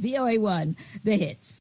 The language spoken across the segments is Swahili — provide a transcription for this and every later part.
VOA1, The Hits.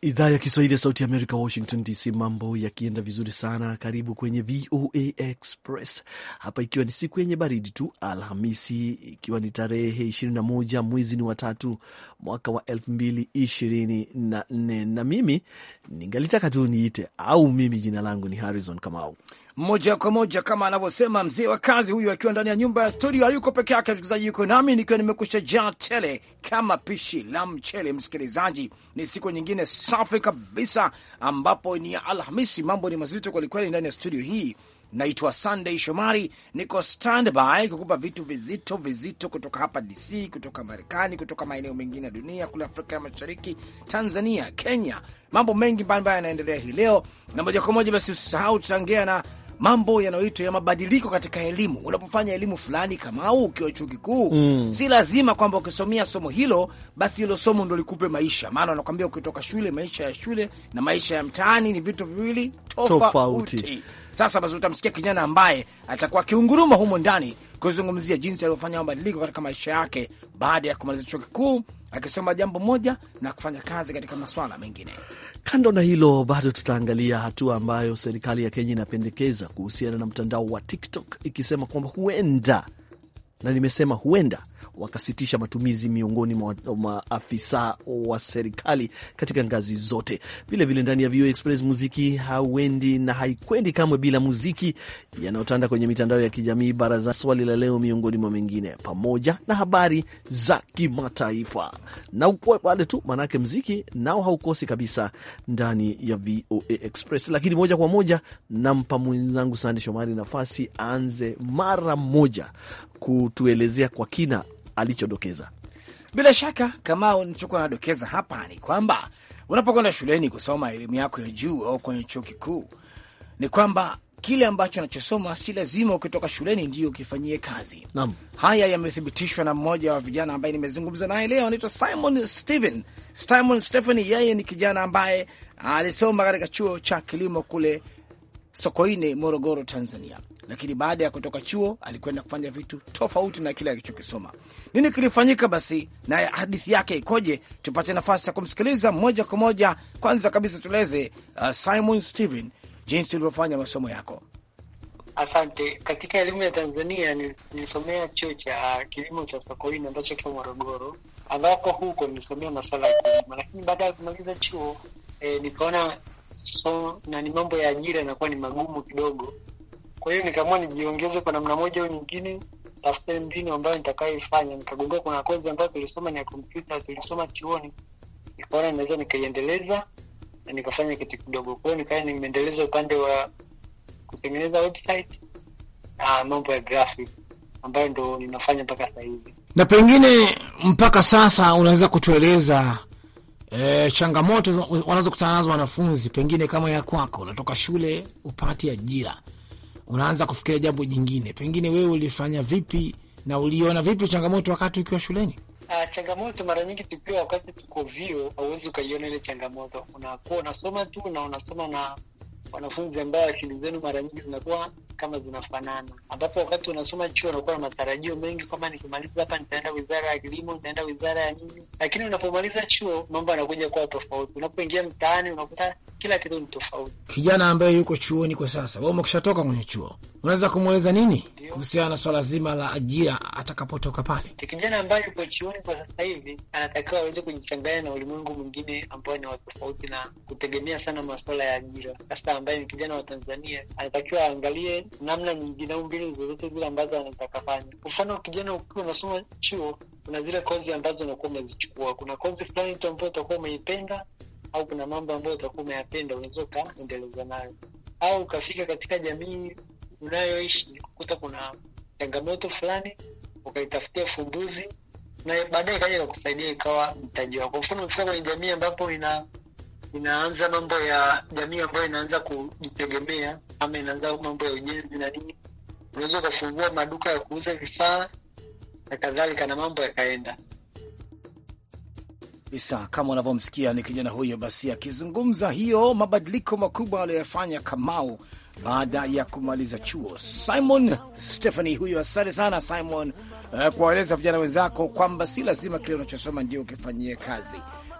Idhaa ya Kiswahili ya Sauti Amerika, Washington DC. Mambo yakienda vizuri sana, karibu kwenye VOA Express hapa, ikiwa ni siku yenye baridi tu, Alhamisi ikiwa ni tarehe 21 mwezi ni watatu mwaka wa 2024 na mimi ningalitaka tu niite au mimi jina langu ni Harrison Kamau moja kwa moja kama anavyosema mzee wa kazi huyu, akiwa ndani ya nyumba ya studio. Hayuko peke yake, msikilizaji, yuko nami nikiwa nimekusha jaa tele kama pishi la mchele. Msikilizaji, ni siku nyingine safi kabisa, ambapo ni ya Alhamisi. Mambo ni mazito kwelikweli ndani ya studio hii. Naitwa Sunday Shomari, niko standby kukupa vitu vizito vizito kutoka hapa DC, kutoka Marekani, kutoka maeneo mengine ya dunia, kule Afrika ya Mashariki, Tanzania, Kenya. Mambo mengi mbalimbali yanaendelea hii leo, na moja kwa moja basi usisahau tutaongea na mambo yanayoitwa ya mabadiliko katika elimu. Unapofanya elimu fulani kama au ukiwa chuo kikuu mm. si lazima kwamba ukisomea somo hilo basi hilo somo ndo likupe maisha, maana wanakwambia ukitoka shule, maisha ya shule na maisha ya mtaani ni vitu viwili tofauti. Sasa basi utamsikia kijana ambaye atakuwa akiunguruma humo ndani kuzungumzia jinsi alivyofanya mabadiliko katika maisha yake baada ya kumaliza chuo kikuu akisoma jambo moja na kufanya kazi katika maswala mengine. Kando na hilo, bado tutaangalia hatua ambayo serikali ya Kenya inapendekeza kuhusiana na mtandao wa TikTok ikisema kwamba huenda, na nimesema huenda wakasitisha matumizi miongoni mwa maafisa wa serikali katika ngazi zote. Vilevile ndani ya VOA Express muziki hauendi na haikwendi kamwe bila muziki yanayotanda kwenye mitandao ya kijamii, baraza, swali la leo, miongoni mwa mengine, pamoja na habari za kimataifa. Na upo pale tu, maanake mziki nao haukosi kabisa ndani ya VOA Express. Lakini moja kwa moja nampa mwenzangu Sande Shomari nafasi aanze mara moja kutuelezea kwa kina alichodokeza. Bila shaka kama nichokuwa nadokeza hapa ni kwamba unapokwenda shuleni kusoma elimu yako ya juu au kwenye chuo kikuu, ni kwamba kile ambacho anachosoma si lazima ukitoka shuleni ndio ukifanyie kazi. Naam. Haya yamethibitishwa na mmoja wa vijana ambaye nimezungumza naye leo, anaitwa Simon Steven. Simon Stephen, yeye ni kijana ambaye alisoma katika chuo cha kilimo kule Sokoine, Morogoro, Tanzania lakini baada ya kutoka chuo alikwenda kufanya vitu tofauti na kile alichokisoma. Nini kilifanyika basi na hadithi yake ikoje? Tupate nafasi ya kumsikiliza moja kwa moja. Kwanza kabisa tueleze uh, Simon Steven, jinsi ulivyofanya masomo yako. Asante. Katika elimu ya Tanzania nilisomea chuo cha kilimo cha Sokoine ambacho kiko Morogoro, ambapo huko nilisomea masuala ya kilimo, lakini baada ya kumaliza chuo eh, nikaona so, na ni mambo ya ajira yanakuwa ni magumu kidogo kwa hiyo nikaamua nijiongeze kwa namna moja au nyingine, tafute mbinu ambayo nitakayoifanya. Nikagundua kuna kozi ambayo tulisoma ni ya kompyuta, tulisoma chuoni, nikaona naweza nikaiendeleza na nikafanya kitu kidogo. Kwa hiyo nikawa nimeendeleza upande wa kutengeneza website na mambo ya graphic ambayo ndo ninafanya mpaka sasa hivi. Na pengine mpaka sasa unaweza kutueleza E, changamoto wanazokutana nazo wanafunzi pengine kama ya kwako, unatoka shule upate ajira, unaanza kufikiria jambo jingine. Pengine wewe ulifanya vipi na uliona vipi changamoto wakati ukiwa shuleni? Uh, changamoto mara nyingi tukiwa wakati tuko vio, hauwezi ukaiona ile changamoto, unakuwa unasoma tu na unasoma na wanafunzi ambao akili zenu mara nyingi zinakuwa kama zinafanana, ambapo wakati unasoma chuo unakuwa na matarajio mengi kwamba nikimaliza hapa nitaenda wizara ya kilimo, nitaenda wizara ya nini, lakini unapomaliza chuo mambo yanakuja kuwa tofauti. Unapoingia mtaani unakuta kila kitu ni tofauti. Kijana ambaye yuko chuoni kwa sasa, wewe umekishatoka kwenye chuo, unaweza kumweleza nini? kuhusiana na swala zima la ajira atakapotoka pale. Kijana ambaye yuko chuoni kwa sasa hivi anatakiwa aweze kujichanganya na ulimwengu mwingine ambao ni watofauti na kutegemea sana masuala ya ajira. Sasa ambaye ni kijana wa Tanzania anatakiwa aangalie namna nyingine au mbinu zozote zile ambazo anaweza kafanya. Mfano, kijana ukiwa unasoma chuo, kuna zile kozi ambazo unakuwa umezichukua, kuna kozi fulani tu ambayo utakuwa umeipenda au kuna mambo ambayo utakuwa umeyapenda, unaweza ukaendeleza nayo au ukafika katika jamii unayoishi kukuta kuna changamoto fulani, ukaitafutia ufumbuzi na baadaye ikaja kakusaidia ikawa mtaji wako. Mfano, umefika kwenye jamii ambapo ina inaanza mambo ya jamii ambayo inaanza kujitegemea ama inaanza mambo ya ujenzi na nini, unaweza ukafungua maduka ya kuuza vifaa na kadhalika, na mambo yakaenda kabisa kama unavyomsikia ni kijana huyo basi akizungumza hiyo mabadiliko makubwa aliyoyafanya Kamau baada ya kumaliza chuo. Simon Stephanie huyo, asante sana Simon uh, kuwaeleza vijana wenzako kwamba si lazima kile unachosoma ndio ukifanyie kazi.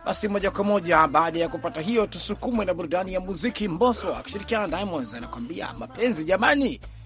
Basi moja kwa moja baada ya kupata hiyo, tusukumwe na burudani ya muziki. mboso akishirikiana na Diamonds anakwambia mapenzi jamani.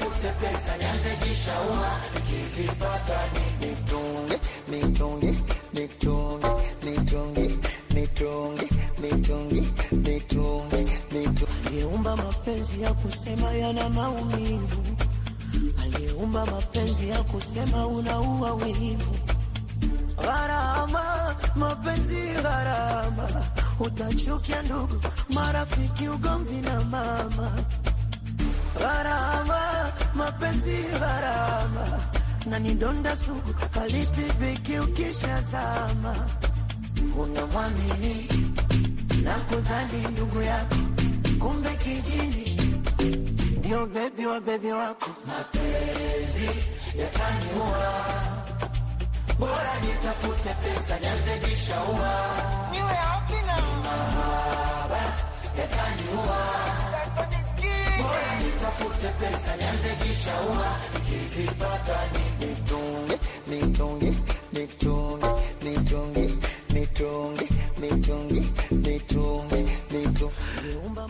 nitafute pesa nianze jishauma, nikizipata nitunge nitunge nitunge nitunge nitunge nitunge nitunge nitunge. Aliyeumba mapenzi ya kusema yana maumivu, aliyeumba mapenzi ya kusema unaua wivu. Gharama mapenzi gharama, utachukia ndugu, marafiki, ugomvi na mama gharama mapenzi gharama na ni donda sugu halitibiki ukishazama. mwamini na kudhani ndugu yako, kumbe kijini ndio bebi wa bebi wako. Mapenzi yataniua, bora nitafute pesa nianze jishaua. Mahaba yataniua nitafute nitunge nitunge nitunge nitunge nitunge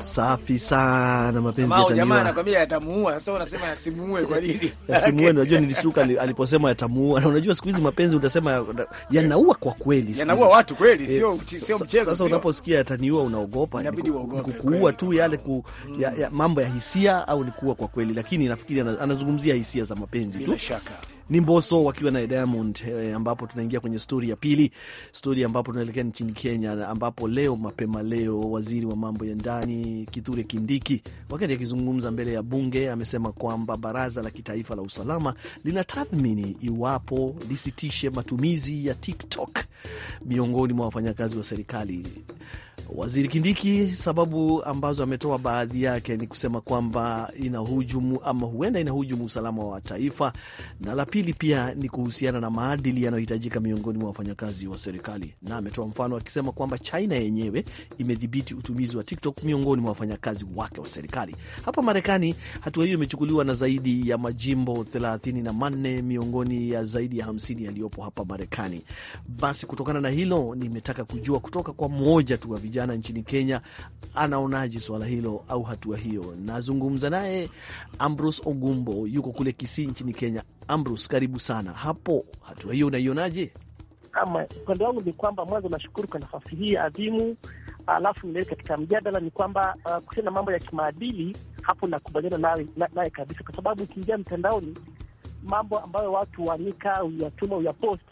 Safi sana mapenzi ya jamaa, anakwambia yatamuua. Sasa unasema yasimuue kwa nini? Yasimuue, unajua nilishuka aliposema yatamuua, na unajua siku hizi mapenzi utasema yanaua kwa kweli, yanaua watu kweli, sio eh, sio mchezo. Sasa unaposikia yataniua, unaogopa kukuua tu yale ku, mm. ya, ya, mambo ya hisia au ni kuua kwa kweli, lakini nafikiri anazungumzia hisia za mapenzi tu, bila shaka ni Mboso wakiwa na Diamond eh, ambapo tunaingia kwenye stori ya pili, stori ambapo tunaelekea nchini Kenya, ambapo leo mapema leo waziri wa mambo ya ndani Kithure Kindiki, wakati akizungumza mbele ya bunge, amesema kwamba baraza la kitaifa la usalama linatathmini iwapo lisitishe matumizi ya TikTok miongoni mwa wafanyakazi wa serikali. Waziri Kindiki sababu ambazo ametoa baadhi yake ni kusema kwamba inahujumu ama huenda inahujumu usalama wa taifa na la pili pili pia ni kuhusiana na maadili yanayohitajika miongoni mwa wafanyakazi wa serikali, na ametoa mfano akisema kwamba China yenyewe imedhibiti utumizi wa TikTok miongoni mwa wafanyakazi wake wa serikali. Hapa Marekani hatua hiyo imechukuliwa na zaidi ya majimbo 34 na miongoni ya zaidi ya 50 yaliyopo hapa Marekani. Basi kutokana na hilo, nimetaka kujua kutoka kwa mmoja tu wa vijana nchini Kenya anaonaje swala hilo au hatua hiyo. Nazungumza naye Ambrose Ogumbo, yuko kule Kisii nchini Kenya. Ambrose, karibu sana hapo. Hatua hiyo unaionaje? upande wangu ni kwamba mwanzo nashukuru kwa nafasi hii adhimu, alafu nilei katika mjadala ni kwamba uh, kuhusiana na mambo ya kimaadili, hapo nakubaliana naye na, na kabisa, kwa sababu ukiingia mtandaoni mambo ambayo watu wanika uyatuma uyapost,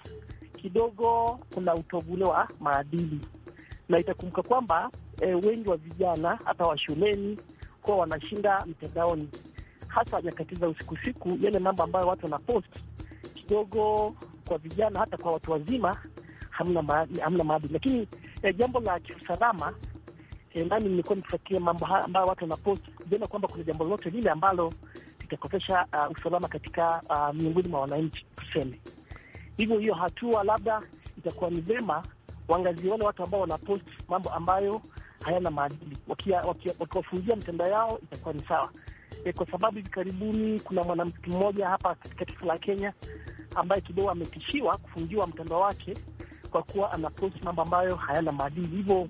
kidogo kuna utovule wa maadili, na itakumbuka kwamba e, wengi wa vijana hata wa shuleni kuwa wanashinda mtandaoni hasa nyakati za usiku siku, yale mambo ambayo watu wanapost kidogo, kwa vijana hata kwa watu wazima, hamna ma, hamna maadili. Lakini eh, jambo la kiusalama eh, nami nimekuwa nikifuatilia mambo ambayo watu wanapost kujiona kwamba kuna jambo lolote lile ambalo litakosesha uh, ah, usalama katika uh, miongoni mwa wananchi tuseme hivyo. Hiyo hatua labda itakuwa ni vema waangazie wale watu ambao wanapost mambo ambayo hayana maadili, wakiwafungia waki, waki mitandao yao itakuwa ni sawa, e, kwa sababu hivi karibuni kuna mwanamke mmoja hapa katika taifa la Kenya ambaye kidogo ametishiwa kufungiwa mtandao wake kwa kuwa anaposti mambo ambayo hayana maadili. Hivyo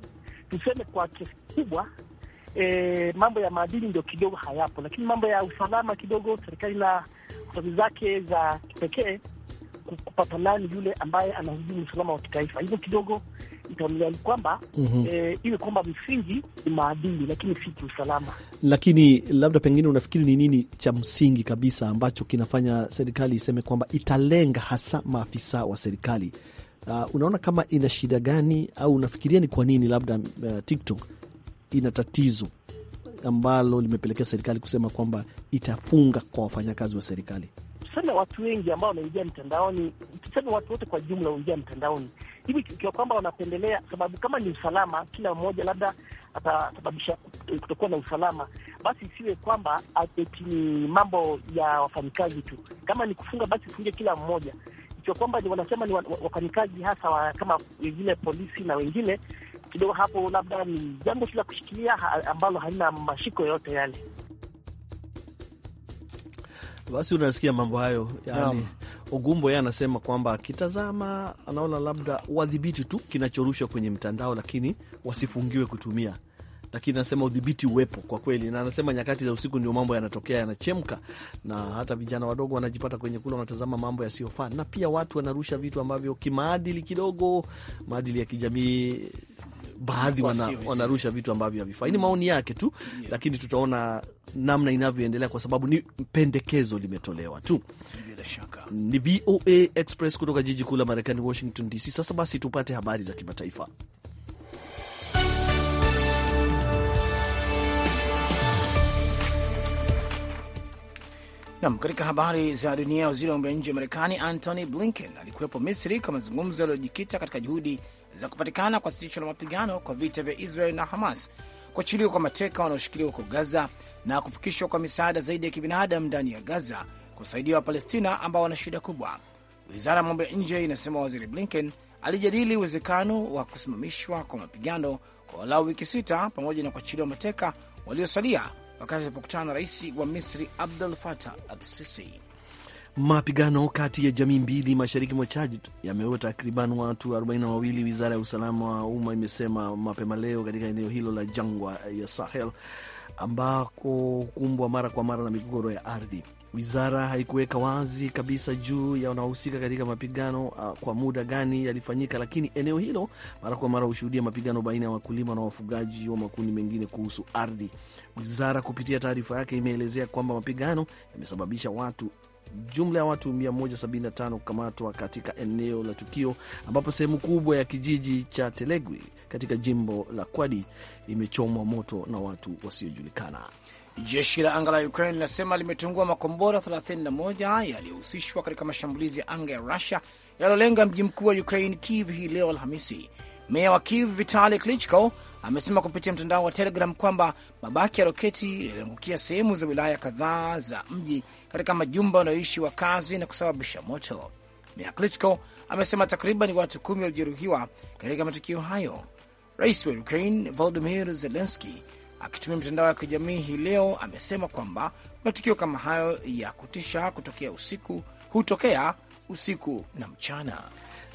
tuseme kwa kiasi kikubwa e, mambo ya maadili ndio kidogo hayapo, lakini mambo ya usalama kidogo serikali na sababu zake za kipekee kupata nani yule ambaye anahujumu usalama wa kitaifa, hivyo kidogo itaonelea ni kwamba mm -hmm. Eh, iwe kwamba msingi ni maadili, lakini si kiusalama. Lakini labda pengine unafikiri ni nini cha msingi kabisa ambacho kinafanya serikali iseme kwamba italenga hasa maafisa wa serikali? Uh, unaona kama ina shida gani, au unafikiria ni kwa nini labda uh, TikTok ina tatizo ambalo limepelekea serikali kusema kwamba itafunga kwa wafanyakazi wa serikali? Tuseme watu wengi ambao wanaingia mtandaoni, tuseme watu wote kwa jumla waingia mtandaoni hivi, ikiwa kwamba wanapendelea, sababu kama ni usalama, kila mmoja labda atasababisha kutokuwa na usalama, basi isiwe kwamba ati ni mambo ya wafanyikazi tu. Kama ni kufunga, basi funge kila mmoja, ikiwa kwamba ni wanasema ni wafanyikazi hasa wa, kama wengine polisi na wengine kidogo hapo, labda ni jambo tu la kushikilia ambalo halina mashiko yote yale. Basi unasikia mambo hayo yani, Ogumbo yeye anasema kwamba akitazama anaona labda wadhibiti tu kinachorushwa kwenye mtandao, lakini wasifungiwe kutumia lakini anasema udhibiti uwepo kwa kweli, na anasema nyakati za usiku ndio mambo yanatokea yanachemka, na hata vijana wadogo wanajipata kwenye kula, wanatazama mambo yasiyofaa, na pia watu wanarusha vitu ambavyo kimaadili kidogo, maadili ya kijamii baadhi wana, wanarusha vitu ambavyo havifai. Ni maoni yake tu yeah. Lakini tutaona namna inavyoendelea kwa sababu ni pendekezo limetolewa tu. ni VOA Express kutoka jiji kuu la Marekani, Washington DC. Sasa basi tupate habari za kimataifa. Nam, katika habari za dunia, waziri wa mambo ya nje wa Marekani Antony Blinken alikuwepo Misri kwa mazungumzo yaliyojikita katika juhudi za kupatikana kwa sitisho la mapigano kwa vita vya Israel na Hamas, kuachiliwa kwa mateka wanaoshikiliwa huko Gaza na kufikishwa kwa misaada zaidi ya kibinadamu ndani ya Gaza kusaidia Wapalestina ambao wana shida kubwa. Wizara ya mambo ya nje inasema Waziri Blinken alijadili uwezekano wa kusimamishwa kwa mapigano kwa walau wiki sita pamoja na kuachiliwa mateka waliosalia wakati alipokutana na rais wa Misri Abdul Fatah al Sisi. Mapigano kati ya jamii mbili mashariki mwa Chad yameua takriban watu 42, wizara ya usalama wa umma imesema mapema leo katika eneo hilo la jangwa ya Sahel ambako kumbwa mara kwa mara na migogoro ya ardhi. Wizara haikuweka wazi kabisa juu ya wanaohusika katika mapigano uh, kwa muda gani yalifanyika, lakini eneo hilo mara kwa mara hushuhudia mapigano baina ya wakulima na wafugaji wa makundi mengine kuhusu ardhi. Wizara kupitia taarifa yake imeelezea kwamba mapigano yamesababisha watu jumla ya watu 175 kukamatwa katika eneo la tukio, ambapo sehemu kubwa ya kijiji cha Telegwi katika jimbo la Kwadi imechomwa moto na watu wasiojulikana. Jeshi la anga la Ukraine linasema limetungua makombora 31 yaliyohusishwa katika mashambulizi ya anga ya Rusia yaliyolenga mji mkuu wa Ukraine, Kiev, hii leo Alhamisi. Meya wa Kiev Vitali Klitschko amesema kupitia mtandao wa Telegram kwamba mabaki ya roketi yaliangukia sehemu za wilaya kadhaa za mji katika majumba wanayoishi wakazi na kusababisha moto. Meya Klitschko amesema takriban watu kumi walijeruhiwa katika matukio hayo. Rais wa Ukraine volodimir zelenski Akitumia mitandao ya kijamii hii leo, amesema kwamba matukio kama hayo ya kutisha kutokea usiku hutokea usiku na mchana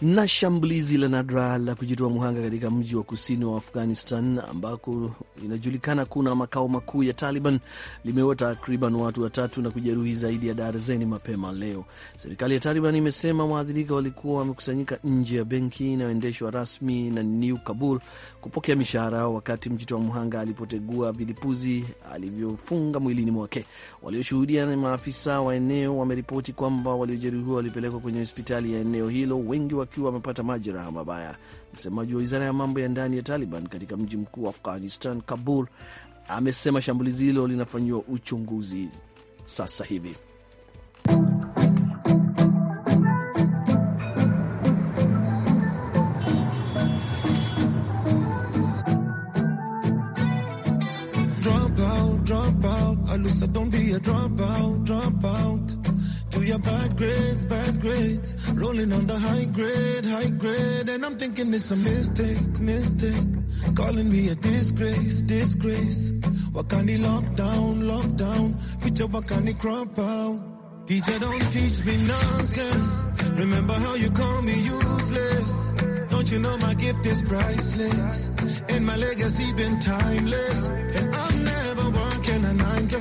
na shambulizi la nadra la kujitoa muhanga katika mji wa kusini wa Afghanistan ambako inajulikana kuna makao makuu ya Taliban limeua takriban watu watatu na kujeruhi zaidi ya darzeni mapema leo. Serikali ya Taliban imesema waathirika walikuwa wamekusanyika nje ya benki inayoendeshwa rasmi na New Kabul kupokea mishahara yao wakati mjitoa muhanga alipotegua vilipuzi alivyofunga mwilini mwake. Walioshuhudia na maafisa wa eneo wameripoti kwamba waliojeruhiwa walipelekwa kwenye hospitali ya eneo hilo, wengi wa wakiwa wamepata majeraha mabaya. Msemaji wa wizara ya mambo ya ndani ya Taliban katika mji mkuu wa Afghanistan, Kabul, amesema shambulizi hilo linafanyiwa uchunguzi sasa hivi. Drop out, drop out, don't be a drop out, drop out. your bad grades, bad grades. Rolling on the high grade, high grade. And I'm thinking it's a mistake, mistake. Calling me a disgrace, disgrace. What of lockdown, lockdown. Future Wakani crop out. Teacher, don't teach me nonsense. Remember how you call me useless. Don't you know my gift is priceless? And my legacy been timeless. And I'm never working a nine to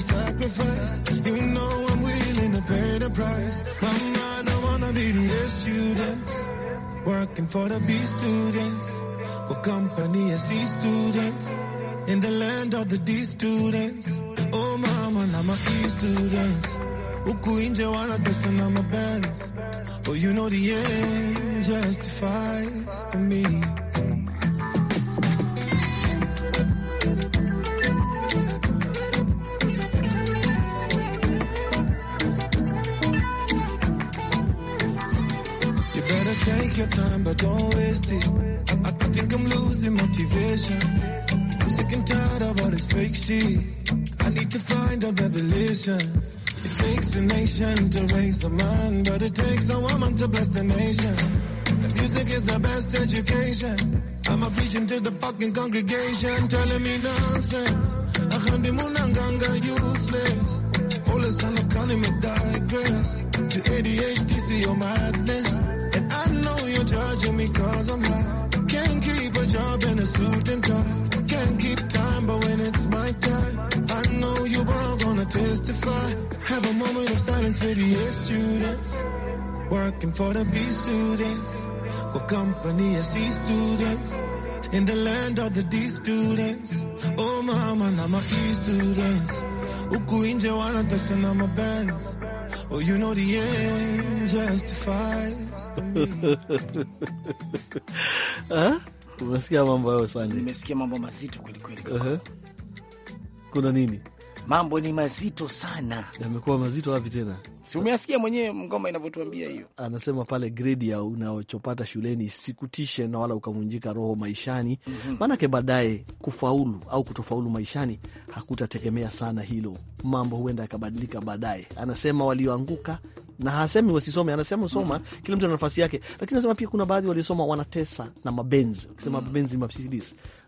sacrifice. You know I'm willing to pay the price. Mama, I don't wanna be the A student. Working for the B students. What company is C students? In the land of the D students. Oh mama, I'm a E students. Huku nje wanatesa na mabands. Oh, you know the end justifies to me. but don't waste it. I, I, think I'm losing motivation. I'm sick and tired of all this fake shit. I need to find a revelation. It takes a nation to raise a man, but it takes a woman to bless the nation. The music is the best education. I'm a preaching to the fucking congregation, telling me nonsense. I can't be munanganga useless. All this time I can't even digress. To ADHD, see your oh, madness judging me cause I'm hot. Can't keep a job in a suit and tie. Can't keep time, but when it's my time, I know you all gonna testify. Have a moment of silence for the A students. Working for the B students. with company of C students. In the land of the D students. Oh mama, now my E students. Uku inje wanatasana my bands. Oh, you know the end justifies. Eh? Umesikia mambo hayo, Sande? Nimesikia mambo mazito kwelikweli. Kuna nini? Mambo ni mazito sana, yamekuwa mazito. Wapi tena? Si umeasikia mwenyewe mgoma inavyotuambia hiyo. Anasema pale gredi ya unaochopata shuleni isikutishe na wala ukavunjika roho maishani, mhm. maanake mm -hmm. baadaye kufaulu au kutofaulu maishani hakutategemea sana hilo, mambo huenda yakabadilika baadaye. Anasema walioanguka na hasemi wasisome, anasema usoma. mm -hmm. Kila mtu ana nafasi yake, lakini anasema pia kuna baadhi waliosoma wanatesa na mabenzi, ukisema mm -hmm. mabenzi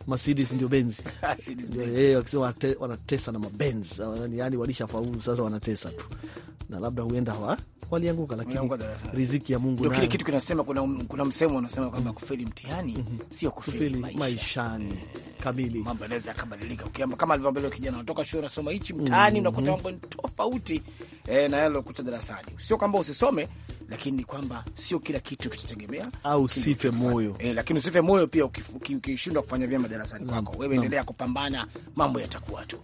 Mercedes ndio Benz eh, wakisema wanatesa na mabenz, yaani, yani walishafaulu sasa, wanatesa tu na labda huenda wa walianguka, lakini riziki ya Mungu ndio kile kitu kinasema. Kuna, kuna msemo unasema kwamba kufeli mtihani mm -hmm. sio kufeli maisha. maishani e, kamili mambo yanaweza kabadilika, ukiamba kama alivyoambia kijana anatoka shule anasoma hichi mtihani, mm -hmm. unakuta mambo ni tofauti e, na yale ukuta darasani. Sio kwamba usisome lakini ni kwamba sio kila kitu kitategemea au usife moyo e, lakini usife moyo pia ukishindwa kufanya vyema darasani kwako wewe, endelea kupambana, mambo yatakuwa tu.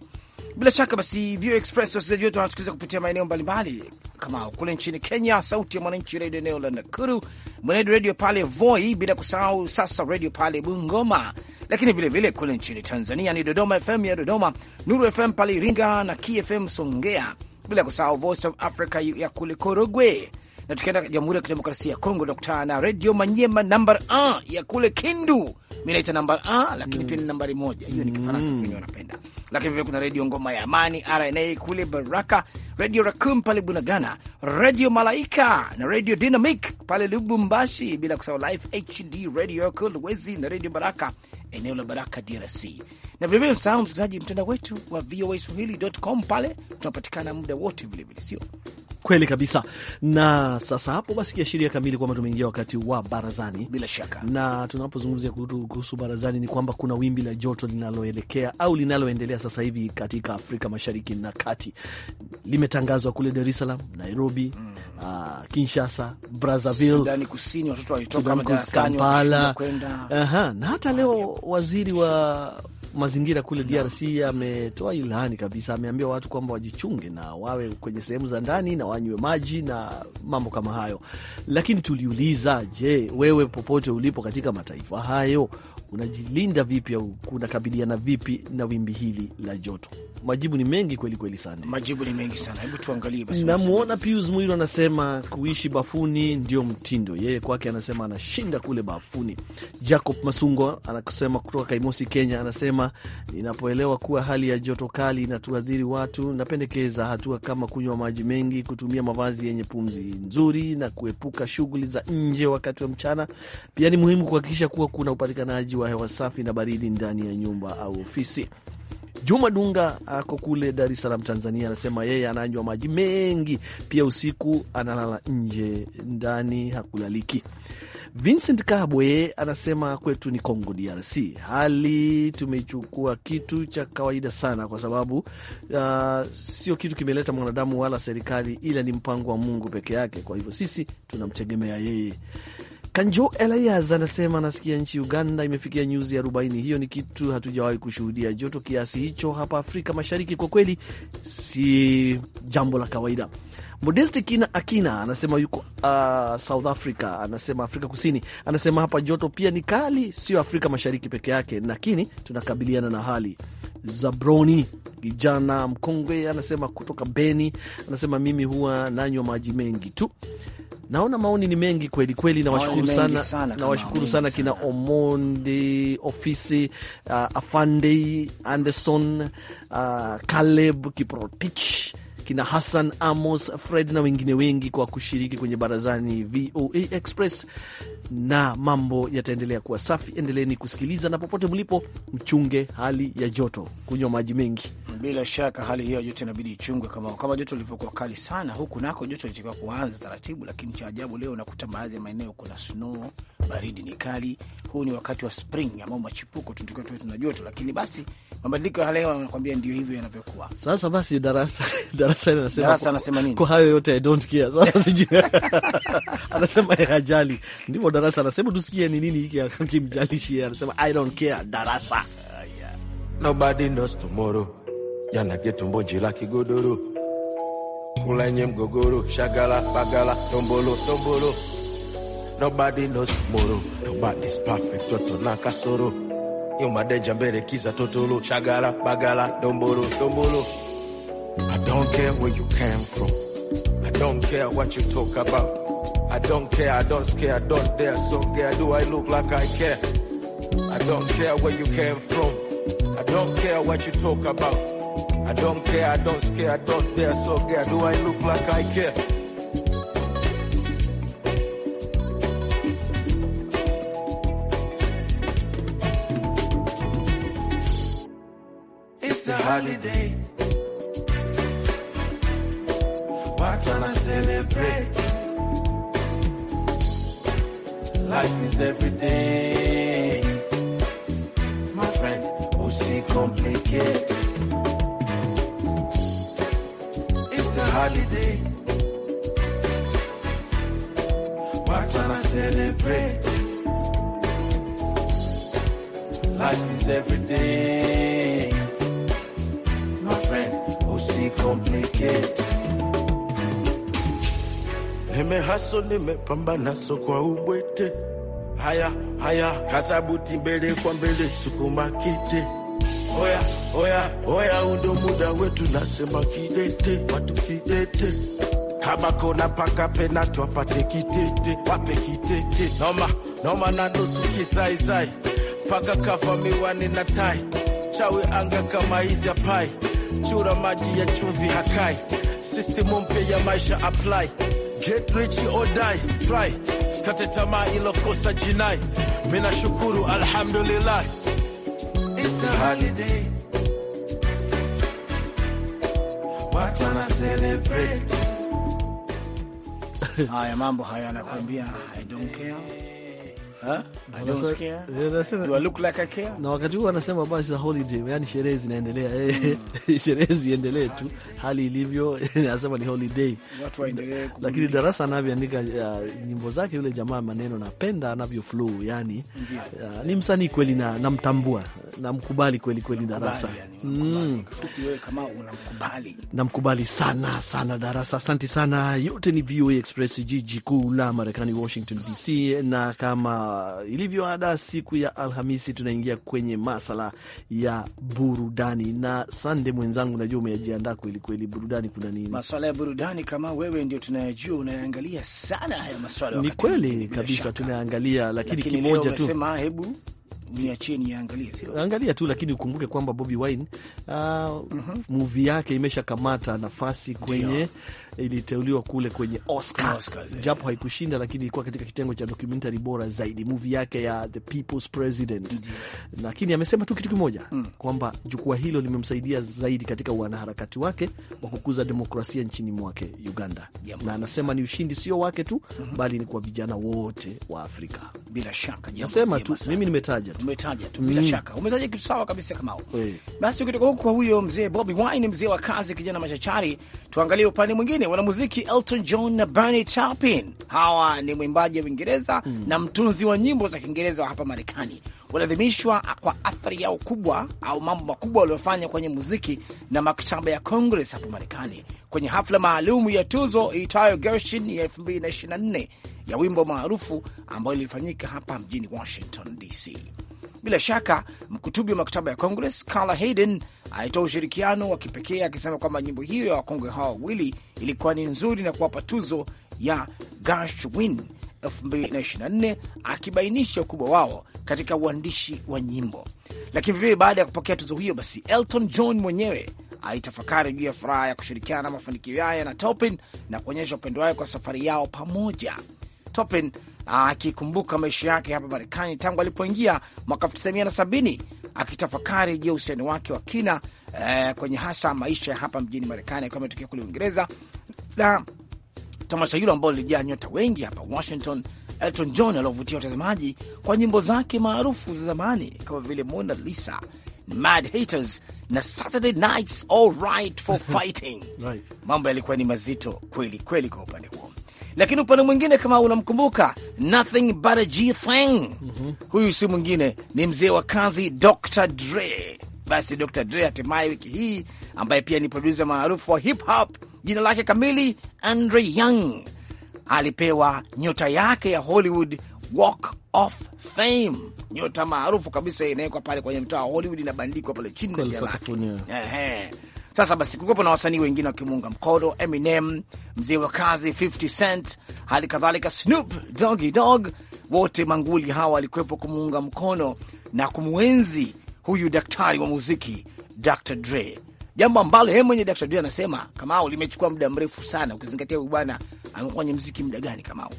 Bila shaka basi, Vio Express wasikilizaji wetu wanatusikiliza kupitia maeneo mbalimbali kama kule nchini Kenya, Sauti ya Mwananchi redio eneo la Nakuru, Mwenedu redio pale Voi, bila kusahau sasa redio pale Bungoma, lakini vilevile vile kule nchini Tanzania ni Dodoma FM ya Dodoma, Nuru FM pale Iringa na KFM Songea, bila kusahau Voice of Africa ya kule Korogwe na tukienda Jamhuri ya Kidemokrasia ya Kongo tunakutana na Redio Manyema nambar ya kule Kindu. Mi naita nambar, lakini mm. pia ni mm. nambari moja hiyo, ni Kifaransa mm. pengine wanapenda, lakini vile kuna Redio Ngoma ya Amani RNA kule Baraka, Redio Rakum pale Bunagana, Redio Malaika na Redio Dynamic pale Lubumbashi, bila kusahau Life HD redio Radio Kolwezi na Redio Baraka eneo la Baraka DRC, na vilevile msahau msikilizaji, mtandao wetu wa voa swahili.com pale tunapatikana muda wote vilevile, sio Kweli kabisa. Na sasa hapo basi kiashiria kamili kwamba tumeingia wakati wa barazani, bila shaka. Na tunapozungumzia kuhusu barazani, ni kwamba kuna wimbi la joto linaloelekea au linaloendelea sasa hivi katika Afrika Mashariki na Kati. Limetangazwa kule Dar es Salaam, Nairobi, mm. uh, Kinshasa, Brazzaville, Kusini, Kampala, na hata leo waziri wa mazingira kule DRC ametoa ilani kabisa, ameambia watu kwamba wajichunge na wawe kwenye sehemu za ndani na wanywe maji na mambo kama hayo. Lakini tuliuliza, je, wewe popote ulipo katika mataifa hayo unajilinda vipi au kunakabiliana vipi na wimbi hili la joto? Majibu ni mengi kweli kweli sana, majibu ni mengi sana. Hebu tuangalie basi. Namwona Pius Mwilo anasema kuishi bafuni ndio mtindo, yeye kwake anasema anashinda kule bafuni. Jacob Masungwa anasema kutoka Kaimosi, Kenya, anasema inapoelewa kuwa hali ya joto kali inatuadhiri watu, napendekeza hatua kama kunywa maji mengi, kutumia mavazi yenye pumzi nzuri na kuepuka shughuli za nje wakati wa mchana. Pia ni muhimu kuhakikisha kuwa kuna upatikanaji wa wa hewa safi na baridi ndani ya nyumba au ofisi. Juma Dunga ako kule Dar es Salaam, Tanzania, anasema yeye ananywa maji mengi, pia usiku analala nje, ndani hakulaliki. Vincent Kabwe anasema kwetu ni Congo DRC, hali tumechukua kitu cha kawaida sana, kwa sababu uh, sio kitu kimeleta mwanadamu wala serikali, ila ni mpango wa Mungu peke yake. Kwa hivyo sisi tunamtegemea yeye. Kanjo Elias anasema anasikia nchi Uganda imefikia nyuzi arobaini. Hiyo ni kitu hatujawahi kushuhudia, joto kiasi hicho hapa Afrika Mashariki. Kwa kweli si jambo la kawaida. Modesti Kina Akina anasema yuko uh, South Africa, anasema Afrika Kusini, anasema hapa joto pia ni kali, sio Afrika Mashariki peke yake, lakini tunakabiliana na hali Zabroni, kijana mkongwe, anasema kutoka Beni, anasema mimi huwa nanywa maji mengi tu. Naona maoni ni mengi kweli kweli, nawashukuru sana, sana, nawashukuru sana kina Omondi ofisi uh, Afandei Anderson uh, Caleb Kiprotich kina Hassan Amos, Fred na wengine wengi kwa kushiriki kwenye barazani VOA Express, na mambo yataendelea kuwa safi. Endeleni kusikiliza na popote mlipo, mchunge hali ya joto, kunywa maji mengi. Bila shaka hali hiyo joto inabidi ichungwe, kama kama joto lilivyokuwa kali sana huku nako joto litakiwa kuanza taratibu, lakini cha ajabu leo nakuta baadhi ya maeneo kuna snow, baridi ni kali. Huu ni wakati wa spring ambao machipuko tunatakiwa tuna joto, lakini basi mabadiliko ya hali hewa anakwambia ndio hivyo yanavyokuwa. Sasa basi darasa, darasa Darasa anasema kwa, kwa hayo yote I don't care. Sasa sijui anasema ya ajali ndivyo Darasa anasema tusikie ni nini hiki akimjalishi anasema I don't care Darasa. Nobody knows tomorrow. Jana getumbo njila kigodoro kulenye mgogoro shagala bagala tombolo tombolo Nobody knows tomorrow. Nobody's perfect. Toto na kasoro. Yo madenja mbele kiza totolo shagala bagala dombolo dombolo I don't care where you came from. I don't care what you talk about. I don't care, I don't care, I don't dare. So, girl, do I look like I care? I don't care where you came from. I don't care what you talk about. I don't care, I don't care, I don't dare. So, girl, do I look like I care? It's a holiday. celebrate. Life is every day. My friend, Who see complicate. It's a holiday. Why are trying celebrate. Life is every day. My friend, Who see complicate. nimehaso nimepambana so kwa ubwete. Haya haya, kasabuti mbele kwa mbele, sukuma kite. Oya oya oya, undo muda wetu, nasema kidete, watu kidete kabako na paka penatu apate kitete, wape kitete, noma noma na nusu kisaisai paka kafa miwani na tai chawi anga kama hizi apai chura maji ya chumvi hakai, sistimu mpya ya maisha apply Get rich or die, try. Sikate tamaa kosa jinai. Mina shukuru alhamdulillah. It's a holiday. Watu wana celebrate. Haya mambo haya nakwambia I don't care. Eh, na wakati huu anasema basi holiday, yani sherehe zinaendelea, eh, hmm. sherehe ziendelee tu hali ilivyo. Anasema ni holiday, lakini Darasa anavyoandika uh, nyimbo zake yule jamaa, maneno napenda anavyo flow, yani uh, ni msanii kweli na namtambua namkubali kweli kweli Darasa, mm. namkubali sana sana Darasa. Asante sana. Yote ni VOA Express, jiji kuu la Marekani, Washington DC, na kama ilivyo ada, siku ya Alhamisi tunaingia kwenye masala ya burudani na Sande mwenzangu, najua umejiandaa kweli kweli. Burudani kuna nini? Maswala ya burudani kama wewe ndio tunayajua, unaangalia sana haya maswala. Ni kweli kabisa, tunaangalia lakini, lakini kimoja tu hebu sio angalia tu, lakini ukumbuke kwamba Bobi Wine uh, mm -hmm. movie yake imeshakamata nafasi kwenye Jio iliteuliwa kule kwenye Oscar, Oscar eh. japo haikushinda, lakini ilikuwa katika kitengo cha documentary bora zaidi, movie yake ya The People's President mm -hmm. Lakini amesema tu kitu kimoja mm, kwamba jukwaa hilo limemsaidia zaidi katika wanaharakati wake wa kukuza demokrasia nchini mwake Uganda, yeah, na anasema ni ushindi sio wake tu mm -hmm. bali ni kwa vijana wote wa Afrika. Bila shaka nasema tu mimi nimetaja tu, umetaja tu bila mm, shaka umetaja kitu sawa kabisa kama hey. Eh. Basi ukitoka huko kwa huyo mzee Bobby Wine, mzee wa kazi, kijana machachari, tuangalie upande mwingine wengine wanamuziki Elton John na Bernie Taupin. Hawa ni mwimbaji wa Uingereza mm, na mtunzi wa nyimbo za Kiingereza wa hapa Marekani. Wanaadhimishwa kwa athari yao kubwa au mambo makubwa waliofanya kwenye muziki na maktaba ya Congress hapa Marekani, kwenye hafla maalum ya tuzo iitayo Gershwin ya 2024 ya wimbo maarufu ambayo ilifanyika hapa mjini Washington DC. Bila shaka mkutubi wa maktaba ya Congress Carla Hayden alitoa ushirikiano wa kipekee akisema kwamba nyimbo hiyo ya wakongwe hawa wawili ilikuwa ni nzuri na kuwapa tuzo ya Gershwin 2024 akibainisha ukubwa wao katika uandishi wa nyimbo. Lakini vilevile baada ya kupokea tuzo hiyo, basi Elton John mwenyewe alitafakari juu ya furaha ya kushirikiana na mafanikio yaya na Topin na kuonyesha upendo wake kwa safari yao pamoja. Topin akikumbuka maisha yake hapa Marekani tangu alipoingia mwaka 1970 akitafakari juu ya uhusiano wake wa kina eh, kwenye hasa maisha ya hapa mjini Marekani akiwa ametokea kule Uingereza na tamasha hilo ambalo lilijaa nyota wengi hapa Washington. Elton John aliovutia watazamaji kwa nyimbo zake maarufu za zamani kama vile Mona Lisa, Mad Haters na Saturday Nights All Right for Fighting right. Mambo yalikuwa ni mazito kweli kweli kwa upande huo. Lakini upande mwingine, kama unamkumbuka Nothing But a G Thing, mm -hmm. huyu si mwingine ni mzee wa kazi Dr Dre. Basi Dr Dre hatimaye wiki hii, ambaye pia ni produsa maarufu wa hip hop, jina lake kamili Andre Young, alipewa nyota yake ya Hollywood Walk of Fame, nyota maarufu kabisa, inawekwa pale kwenye mtaa wa Hollywood, inabandikwa pale chini na jina lake sasa basi, kulikuwepo na wasanii wengine wakimuunga mkono Eminem, mzee wa kazi 50 Cent, hali kadhalika Snoop Doggy Dog, wote manguli hawa walikuwepo kumuunga mkono na kumwenzi huyu daktari wa muziki Dr Dre, jambo ambalo yeye mwenye Dr Dre anasema Kamau limechukua muda mrefu sana, ukizingatia huyu bwana amekuwa kwenye mziki muda gani Kamau?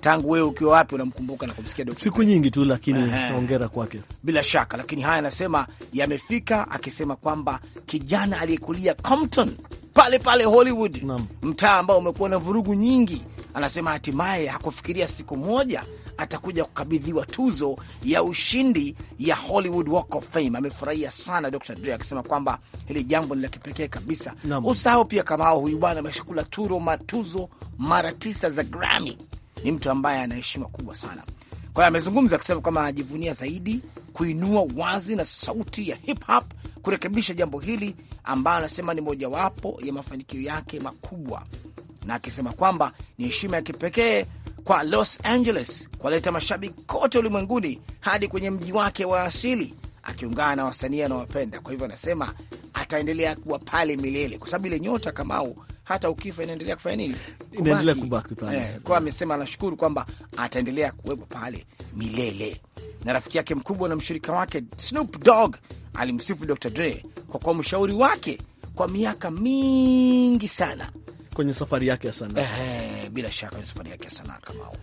tangu wewe ukiwa wapi unamkumbuka na kumsikia Dr. siku nyingi tu, lakini hongera kwake bila shaka. Lakini haya anasema yamefika, akisema kwamba kijana aliyekulia Compton pale pale Hollywood, mtaa ambao umekuwa na vurugu nyingi, anasema hatimaye hakufikiria siku moja atakuja kukabidhiwa tuzo ya ushindi ya Hollywood Walk of Fame. Amefurahia sana Dr. Dre akisema kwamba hili jambo ni la kipekee kabisa. Usahau pia kama huyu bwana ameshakula tuzo matuzo mara tisa za Grammy ni mtu ambaye ana heshima kubwa sana. Kwa hiyo amezungumza akisema kwamba anajivunia zaidi kuinua wazi na sauti ya hip hop kurekebisha jambo hili ambayo anasema ni mojawapo ya mafanikio yake makubwa, na akisema kwamba ni heshima ya kipekee kwa Los Angeles kuwaleta mashabiki kote ulimwenguni hadi kwenye mji wake wa asili, akiungana na wasanii anaowapenda. Kwa hivyo anasema ataendelea kuwa pale milele, kwa sababu ile nyota Kamau hata ukifa inaendelea kufanya nini, inaendelea kubaki pale eh. Kwa amesema anashukuru kwamba ataendelea kuwepo pale milele. Na rafiki yake mkubwa na mshirika wake Snoop Dogg alimsifu Dr Dre kwa kuwa mshauri wake kwa miaka mingi sana kwenye safari yake ya sanaa. Eh, bila shaka kwenye safari yake ya sanaa kama huo.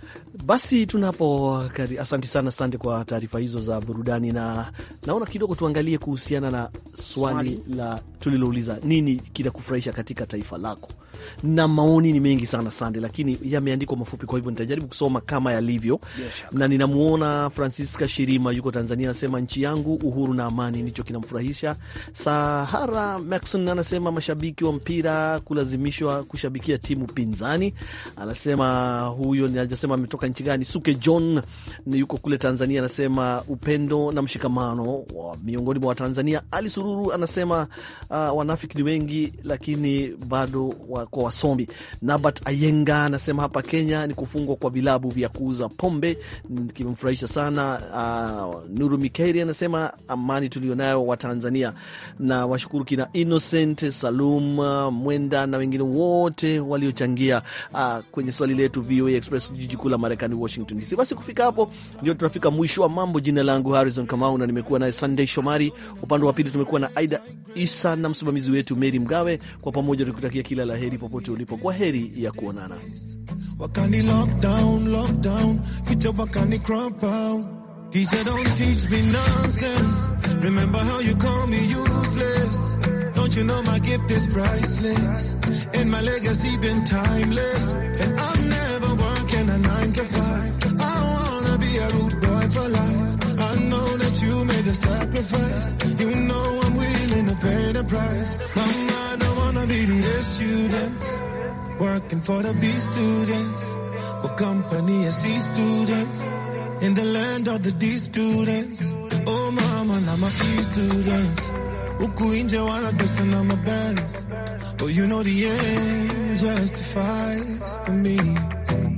Basi tunapo kari, asanti sana, asante kwa taarifa hizo za burudani, na naona kidogo tuangalie kuhusiana na swali, swali la tulilouliza, nini kinakufurahisha katika taifa lako? na maoni ni mengi sana Sande, lakini yameandikwa mafupi, kwa hivyo nitajaribu kusoma kama yalivyo. Na ninamwona Francisca Shirima yuko Tanzania, anasema nchi yangu uhuru na amani ndicho kinamfurahisha. Sahara Maxon anasema mashabiki wa mpira kulazimishwa ku kushabikia timu pinzani. Anasema huyo ni ajasema ametoka nchi gani? Suke John ni yuko kule Tanzania, anasema upendo na mshikamano wa miongoni mwa Watanzania. Ali Sururu anasema uh, wanafiki ni wengi, lakini bado wako wasomi. Nabat Ayenga anasema hapa Kenya ni kufungwa kwa vilabu vya kuuza pombe kimemfurahisha sana. Uh, Nuru Mikeri anasema amani tulionayo Watanzania na washukuru kina Innocent Salum uh, Mwenda na wengine wote wote waliochangia uh, kwenye swali letu VOA Express, jiji kuu la Marekani, Washington DC. Basi kufika hapo ndio tunafika mwisho wa mambo. Jina langu Harrison Kamau na nimekuwa naye Sunday Shomari, upande wa pili tumekuwa na Aida Isa na msimamizi wetu Mary Mgawe. Kwa pamoja tukutakia kila la heri popote ulipo, kwa heri ya kuonana. Teacher don't teach me nonsense. Remember how you call me useless. Don't you know my gift is priceless? And my legacy been timeless. And I'm never working a nine to five. I wanna be a root boy for life. I know that you made a sacrifice. You know I'm willing to pay the price. Mama, I don't wanna be the A student. Working for the B students. For company a C students, In the land of the D students. Oh mama, I'm a E students. Huku inje wanatesana mabands. Oh, you know the end justifies for me